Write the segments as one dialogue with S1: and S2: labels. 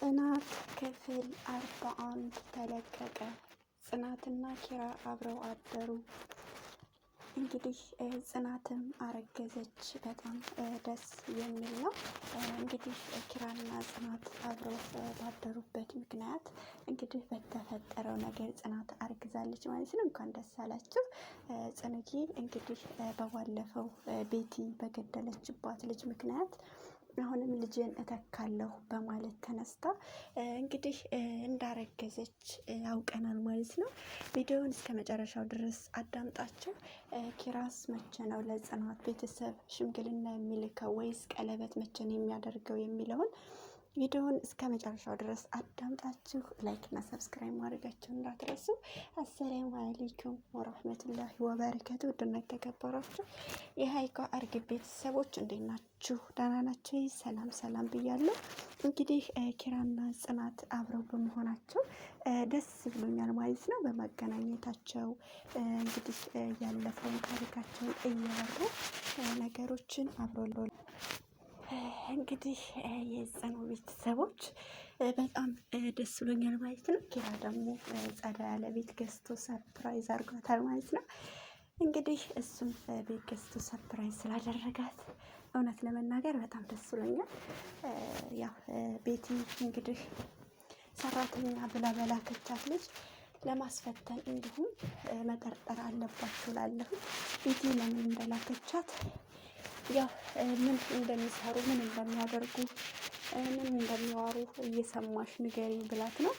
S1: ጽናት ክፍል አርባ አንድ ተለቀቀ። ጽናትና ኪራ አብረው አደሩ። እንግዲህ ጽናትም አረገዘች። በጣም ደስ የሚል ነው። እንግዲህ ኪራና ጽናት አብረው ባደሩበት ምክንያት እንግዲህ በተፈጠረው ነገር ጽናት አርግዛለች ማለት ነው። እንኳን ደስ አላችሁ ጽንጌ። እንግዲህ በባለፈው ቤቲ በገደለችባት ልጅ ምክንያት አሁንም ልጅን እተካለሁ በማለት ተነስታ እንግዲህ እንዳረገዘች ያውቀናል ማለት ነው። ቪዲዮውን እስከ መጨረሻው ድረስ አዳምጣችሁ ኪራስ መቼ ነው ለጽናት ቤተሰብ ሽምግልና የሚልከው ወይስ ቀለበት መቼ ነው የሚያደርገው የሚለውን ቪዲዮውን እስከ መጨረሻው ድረስ አዳምጣችሁ ላይክ እና ሰብስክራይብ ማድረጋችሁ እንዳትረሱ። አሰላሙ አለይኩም ወራህመቱላሂ ወበረከቱ። ውድና የተከበራችሁ የሀይቋ እርግብ ቤተሰቦች እንዴት ናችሁ? ደህና ናችሁ? ሰላም ሰላም ብያለሁ። እንግዲህ ኪራና ጽናት አብረው በመሆናቸው ደስ ብሎኛል ማለት ነው። በመገናኘታቸው እንግዲህ ያለፈውን ታሪካቸውን እያወሩ ነገሮችን አብረው እንግዲህ የጽኑ ቤተሰቦች በጣም ደስ ብሎኛል ማለት ነው። ኪራ ደግሞ ጸዳ ያለ ቤት ገዝቶ ሰርፕራይዝ አድርጓታል ማለት ነው። እንግዲህ እሱም ቤት ገዝቶ ሰርፕራይዝ ስላደረጋት እውነት ለመናገር በጣም ደስ ብሎኛል። ያው ቤቲ እንግዲህ ሰራተኛ ብላ በላከቻት ልጅ ለማስፈተን እንዲሁም መጠርጠር አለባቸው ላለሁ ቤቲ ለምን እንደላከቻት ያው ምን እንደሚሰሩ ምን እንደሚያደርጉ ምን እንደሚዋሩ እየሰማሽ ንገሪ ብላት ነው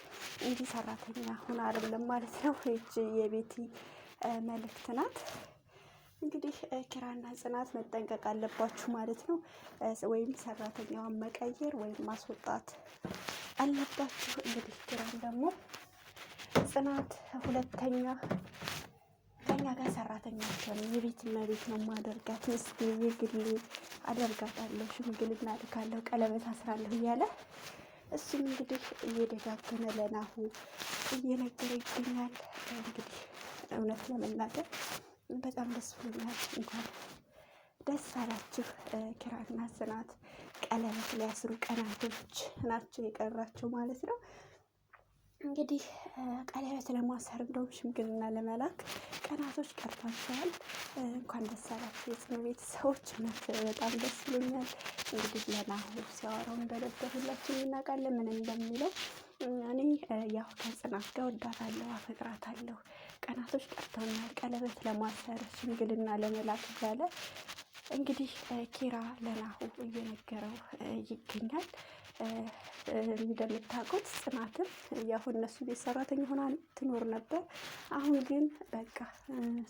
S1: እንጂ ሰራተኛ ሁን አይደለም ማለት ነው። ይች የቤቲ መልእክት ናት። እንግዲህ ኪራና ጽናት መጠንቀቅ አለባችሁ ማለት ነው። ወይም ሰራተኛዋን መቀየር ወይም ማስወጣት አለባችሁ። እንግዲህ ኪራን ደግሞ ጽናት ሁለተኛ ጋር ባላጋ ሰራተኛቸውን የቤት እመቤት ነው ማደርጋት ምስኪን የግል አደርጋታለሁ፣ ሽምግልና እልካለሁ፣ ቀለበት አስራለሁ እያለ እሱም እንግዲህ እየደጋገመ ለናሁ እየነገረ ይገኛል። እንግዲህ እውነት ለመናገር በጣም ደስ ብሎኛል። እንኳን ደስ አላችሁ። ኪራና ጽናት ቀለበት ሊያስሩ ቀናቶች ናቸው የቀራቸው ማለት ነው። እንግዲህ ቀለበት ለማሰርግ ነው ሽምግልና ለመላክ ቀናቶች ቀርቷቸዋል። እንኳን ደስ አላችሁ የጽኑ ቤተሰቦች፣ እውነት በጣም ደስ ይሉኛል። እንግዲህ ለናሁ ሲያወራው በደብተር ሁላችን እናውቃለን ምን እንደሚለው። እኔ ያው ከጽናት ጋር ወዳታለሁ፣ አፈቅራታለሁ። ቀናቶች ቀርተውናል ቀለበት ለማሰር ሽምግልና ለመላክ እያለ እንግዲህ ኪራ ለናሁ እየነገረው ይገኛል። እንደምታውቁት ጽናትም ያሁን እነሱ ቤት ሰራተኛ ሆና ትኖር ነበር። አሁን ግን በቃ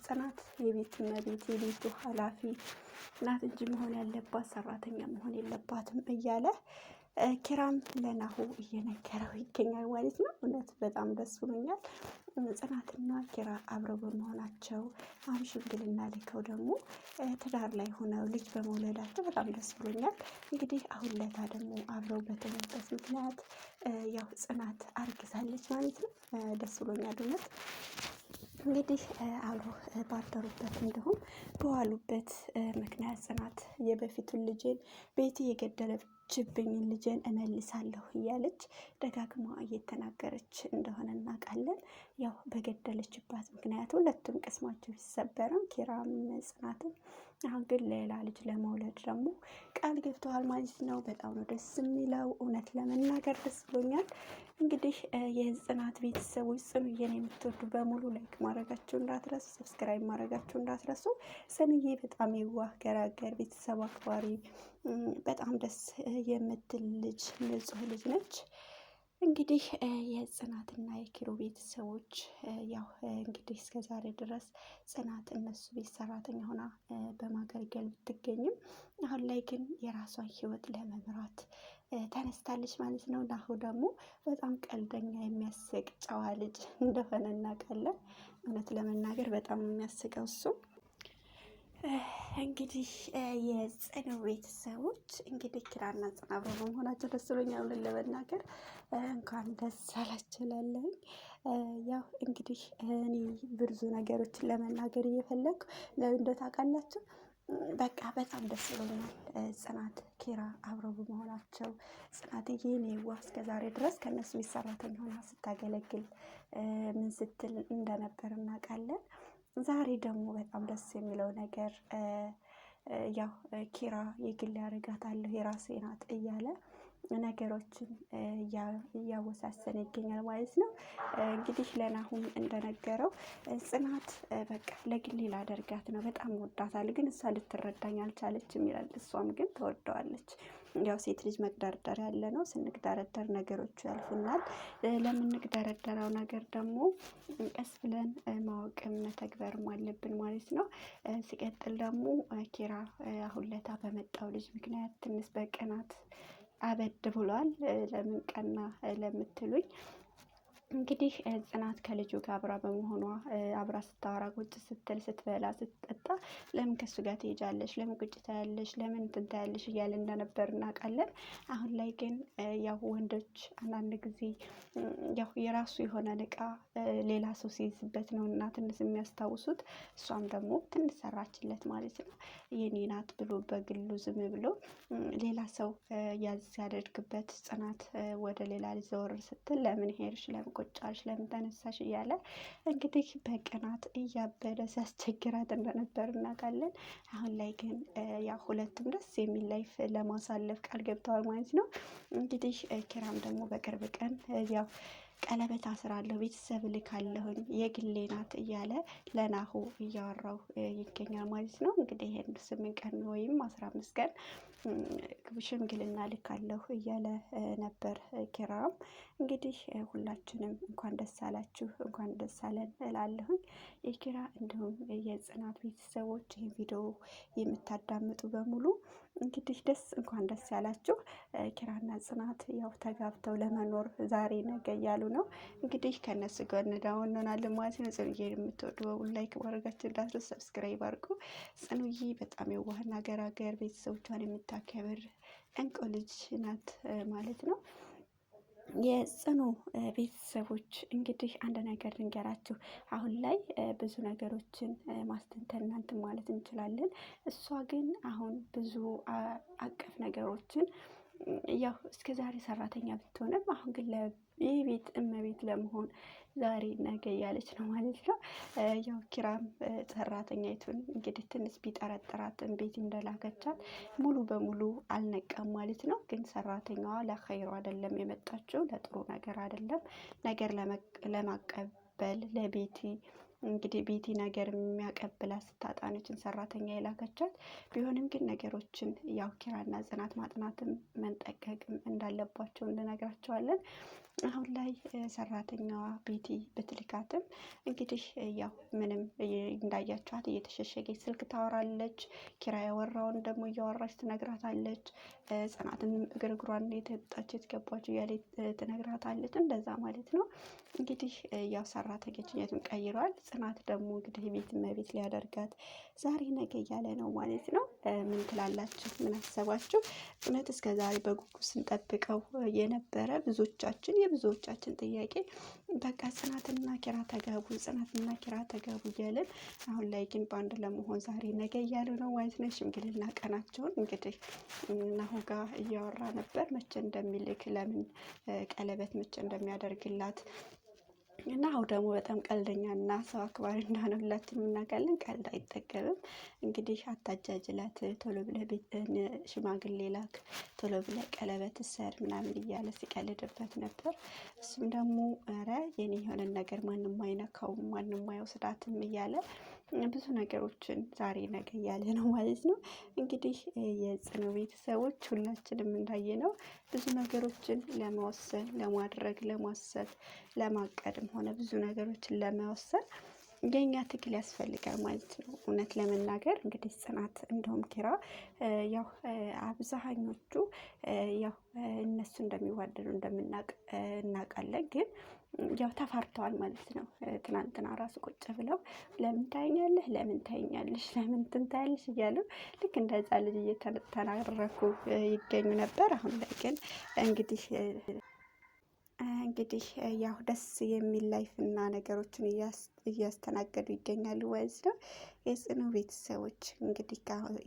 S1: ጽናት የቤት መቤት የቤቱ ኃላፊ ናት እንጂ መሆን ያለባት ሰራተኛ መሆን የለባትም እያለ ኪራም ለናሁ እየነገረው ይገኛል ማለት ነው። እውነት በጣም ደስ ብሎኛል። ጽናትና ኪራ አብረው በመሆናቸው አሁን ሽምግልና ልከው ደግሞ ትዳር ላይ ሆነው ልጅ በመውለዳቸው በጣም ደስ ብሎኛል። እንግዲህ አሁን ለታ ደግሞ አብረው በተኙበት ምክንያት ያው ጽናት አርግዛለች ማለት ነው። ደስ ብሎኛል እውነት እንግዲህ አብሮ ባደሩበት እንዲሁም በዋሉበት ምክንያት ጽናት የበፊቱን ልጅን ቤት የገደለ ችብኝ ልጄን እመልሳለሁ እያለች ደጋግማ እየተናገረች እንደሆነ እናውቃለን። ያው በገደለችባት ምክንያት ሁለቱም ቅስማቸው ሲሰበርም ኪራም ጽናትም አሁን ግን ሌላ ልጅ ለመውለድ ደግሞ ቃል ገብተዋል ማለት ነው። በጣም ነው ደስ የሚለው። እውነት ለመናገር ደስ ብሎኛል። እንግዲህ የጽናት ቤተሰቦች ጽኑዬን የምትወዱ በሙሉ ላይክ ማድረጋችሁ እንዳትረሱ፣ ሰብስክራይብ ማድረጋችሁ እንዳትረሱ። ጽኑዬ በጣም የዋህ ገራገር፣ ቤተሰብ አክባሪ፣ በጣም ደስ የምትል ልጅ፣ ንጹህ ልጅ ነች። እንግዲህ የጽናትና የኪሩ ቤተሰቦች ያው እንግዲህ እስከ ዛሬ ድረስ ጽናት እነሱ ቤት ሰራተኛ ሆና በማገልገል ብትገኝም አሁን ላይ ግን የራሷን ሕይወት ለመምራት ተነስታለች ማለት ነው። ናሁ ደግሞ በጣም ቀልደኛ የሚያስቅ ጨዋ ልጅ እንደሆነ እናውቃለን። እውነት ለመናገር በጣም የሚያስቀው እሱም እንግዲህ የጽኑ ቤተሰቦች እንግዲህ ኪራና ጽና አብረው በመሆናቸው ደስ ብሎኛል። ብለን ለመናገር እንኳን ደስ አላችሁ እላለሁኝ። ያው እንግዲህ እኔ ብዙ ነገሮችን ለመናገር እየፈለግኩ ለእንዶ ታውቃላችሁ። በቃ በጣም ደስ ብሎኛል። ጽናት ኪራ አብረው በመሆናቸው ጽናትዬ የዋ እስከ ዛሬ ድረስ ከእነሱ ቤት ሰራተኛ ሆና ስታገለግል ምን ስትል እንደነበር እናውቃለን። ዛሬ ደግሞ በጣም ደስ የሚለው ነገር ያው ኪራ የግል ያደርጋታለሁ የራሴ ናት እያለ ነገሮችን እያወሳሰን ይገኛል ማለት ነው። እንግዲህ ለናሁም እንደነገረው ጽናት በቃ ለግሌ ላደርጋት ነው፣ በጣም ወዳታል፣ ግን እሷ ልትረዳኝ አልቻለችም ይላል። እሷም ግን ተወደዋለች። ያው ሴት ልጅ መግዳርደር ያለ ነው። ስንቅደረደር ነገሮቹ ያልፉናል። ለምንግዳረደረው ነገር ደግሞ ቀስ ብለን ማወቅም መተግበርም አለብን ማለት ነው። ሲቀጥል ደግሞ ኪራ አሁን ለታ በመጣው ልጅ ምክንያት ትንሽ በቅናት አበድ ብሏል። ለምን ቀና ለምትሉኝ እንግዲህ ጽናት ከልጁ ጋር አብራ በመሆኗ አብራ ስታወራ ቁጭ ስትል ስትበላ ስትጠጣ ለምን ከሱ ጋር ትሄጃለሽ? ለምን ቁጭ ታያለሽ? ለምን እንትን ታያለሽ? እያለ እንደነበር እናውቃለን። አሁን ላይ ግን ያው ወንዶች አንዳንድ ጊዜ ያው የራሱ የሆነ እቃ ሌላ ሰው ሲይዝበት ነው እና ትንስ የሚያስታውሱት። እሷም ደግሞ ትንስ ሰራችለት ማለት ነው። የኔ ናት ብሎ በግሉ ዝም ብሎ ሌላ ሰው ያዝ ሲያደርግበት ጽናት ወደ ሌላ ሊዘወር ስትል ለምን ሄድሽ? ለምን ቁጭ አልሽ? ለምን ተነሳሽ? እያለ እንግዲህ በቅናት እያበደ ሲያስቸግራት እንደነበር እናውቃለን። አሁን ላይ ግን ያ ሁለቱም ደስ የሚል ላይፍ ለማሳለፍ ቃል ገብተዋል ማለት ነው። እንግዲህ ኪራም ደግሞ በቅርብ ቀን ያው ቀለበት አስራለሁ ቤተሰብ ልካለሁኝ የግሌ ናት እያለ ለናሁ እያወራው ይገኛል ማለት ነው። እንግዲህ ይህን ስምንት ቀን ወይም አስራ አምስት ቀን ሽምግልና ልካለሁ እያለ ነበር። ኪራም እንግዲህ ሁላችንም እንኳን ደስ አላችሁ እንኳን ደስ አለን እላለሁኝ። የኪራ እንዲሁም የጽናት ቤተሰቦች ይህ ቪዲዮ የምታዳምጡ በሙሉ እንግዲህ ደስ እንኳን ደስ ያላችሁ። ኪራና ጽናት ያው ተጋብተው ለመኖር ዛሬ ነገ እያሉ ነው። እንግዲህ ከእነሱ ጋር እንዳው እንሆናለን ማለት ነው። ጽኑዬ የምትወዱ በሙሉ ላይክ ማድረጋችሁ እንዳትረሱ፣ ሰብስክራይብ አድርጉ። ጽኑዬ በጣም የዋህና ገራገር ቤተሰቦቿን የምት የምታከብር እንቁ ልጅ ናት ማለት ነው። የጽኑ ቤተሰቦች እንግዲህ አንድ ነገር ልንገራችሁ። አሁን ላይ ብዙ ነገሮችን ማስተንተን እናንትን ማለት እንችላለን። እሷ ግን አሁን ብዙ አቀፍ ነገሮችን ያው እስከዛሬ ሰራተኛ ብትሆንም አሁን ግን የቤት እመቤት ለመሆን ዛሬ ነገ እያለች ነው ማለት ነው። ያው ኪራም ሰራተኛይቱን እንግዲህ ትንሽ ቢጠረጥራትን ቤት እንደላከቻት ሙሉ በሙሉ አልነቀም ማለት ነው። ግን ሰራተኛዋ ለኸይሩ አይደለም የመጣችው ለጥሩ ነገር አይደለም ነገር ለማቀበል ለቤቲ እንግዲህ ቤቲ ነገር የሚያቀብላት ስታጣነችን ሰራተኛ የላከቻት ቢሆንም ግን ነገሮችን ያው ኪራና ጽናት ማጥናትም መንጠቀቅም እንዳለባቸው እንነግራቸዋለን። አሁን ላይ ሰራተኛዋ ቤቲ ብትልካትም እንግዲህ ያው ምንም እንዳያቸዋት እየተሸሸገች ስልክ ታወራለች። ኪራ ያወራውን ደግሞ እያወራች ትነግራታለች። ጽናትም ግርግሯን የተጣች የተገባች እያለ ትነግራታለች። እንደዛ ማለት ነው እንግዲህ ያው ሰራተኛችን የቱን ቀይረዋል። ጽናት ደግሞ እንግዲህ ቤት እመቤት ሊያደርጋት ዛሬ ነገ እያለ ነው ማለት ነው። ምን ትላላችሁ? ምን አሰባችሁ? እውነት እስከ ዛሬ በጉጉት ስንጠብቀው የነበረ ብዙዎቻችን የብዙዎቻችን ጥያቄ በቃ ጽናትና ኪራ ተጋቡ፣ ጽናትና ኪራ ተጋቡ እያለን አሁን ላይ ግን በአንድ ለመሆን ዛሬ ነገ እያሉ ነው ማለት ነው። ሽምግልና ቀናቸውን እንግዲህ ናሁ እያወራ ነበር መቼ እንደሚልክ ለምን ቀለበት መቼ እንደሚያደርግላት እና አሁን ደግሞ በጣም ቀልደኛ እና ሰው አክባሪ እንደሆነ ሁላችንም እናውቃለን። ቀልድ አይጠገብም። እንግዲህ አታጃጅላት፣ ቶሎ ብለህ ሽማግሌ ላክ፣ ቶሎ ብለህ ቀለበት ሰር ምናምን እያለ ሲቀልድበት ነበር። እሱም ደግሞ ኧረ የኔ የሆነን ነገር ማንም አይነካውም፣ ማንም አይወስዳትም እያለ ብዙ ነገሮችን ዛሬ ነገ እያለ ነው ማለት ነው። እንግዲህ የጽኑ ቤተሰቦች ሁላችንም ነው። ብዙ ነገሮችን ለመወሰን፣ ለማድረግ፣ ለማሰብ፣ ለማቀድም ሆነ ብዙ ነገሮችን ለመወሰን የእኛ ትግል ያስፈልጋል ማለት ነው። እውነት ለመናገር እንግዲህ ጽናት እንዲሁም ኪራ ያው አብዛኞቹ ያው እነሱ እንደሚዋደዱ እንደምናቅ እናውቃለን ግን ያው ተፋርተዋል ማለት ነው። ትናንትና ራሱ ቁጭ ብለው ለምን ታይኛለህ፣ ለምን ታይኛለሽ፣ ለምን ትንታያለሽ እያሉ ልክ እንደ ልጅ እየተናረኩ ይገኙ ነበር። አሁን ላይ ግን እንግዲህ እንግዲህ ያው ደስ የሚል ላይፍ እና ነገሮችን እያስተናገዱ ይገኛሉ። ወዝ ነው የጽኑ ቤተሰቦች እንግዲህ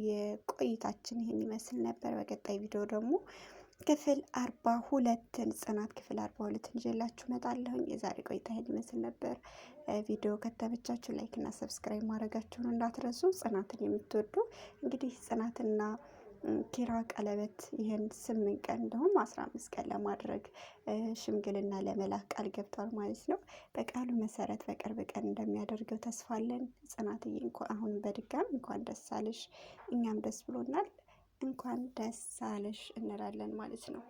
S1: የቆይታችን ይህን ይመስል ነበር። በቀጣይ ቪዲዮ ደግሞ ክፍል አርባ ሁለትን ጽናት ክፍል አርባ ሁለትን ይዤላችሁ እመጣለሁኝ። የዛሬ ቆይታ ይህን ይመስል ነበር። ቪዲዮ ከተመቻችሁ ላይክ እና ሰብስክራይብ ማድረጋችሁን እንዳትረሱ። ጽናትን የምትወዱ እንግዲህ ጽናትና ኪራ ቀለበት ይህን ስምንት ቀን እንደሁም አስራ አምስት ቀን ለማድረግ ሽምግልና ለመላክ ቃል ገብቷል ማለት ነው። በቃሉ መሰረት በቅርብ ቀን እንደሚያደርገው ተስፋ አለን። ጽናትዬ አሁን በድጋም እንኳን ደስ አለሽ፣ እኛም ደስ ብሎናል። እንኳን ደስ አለሽ እንላለን ማለት ነው።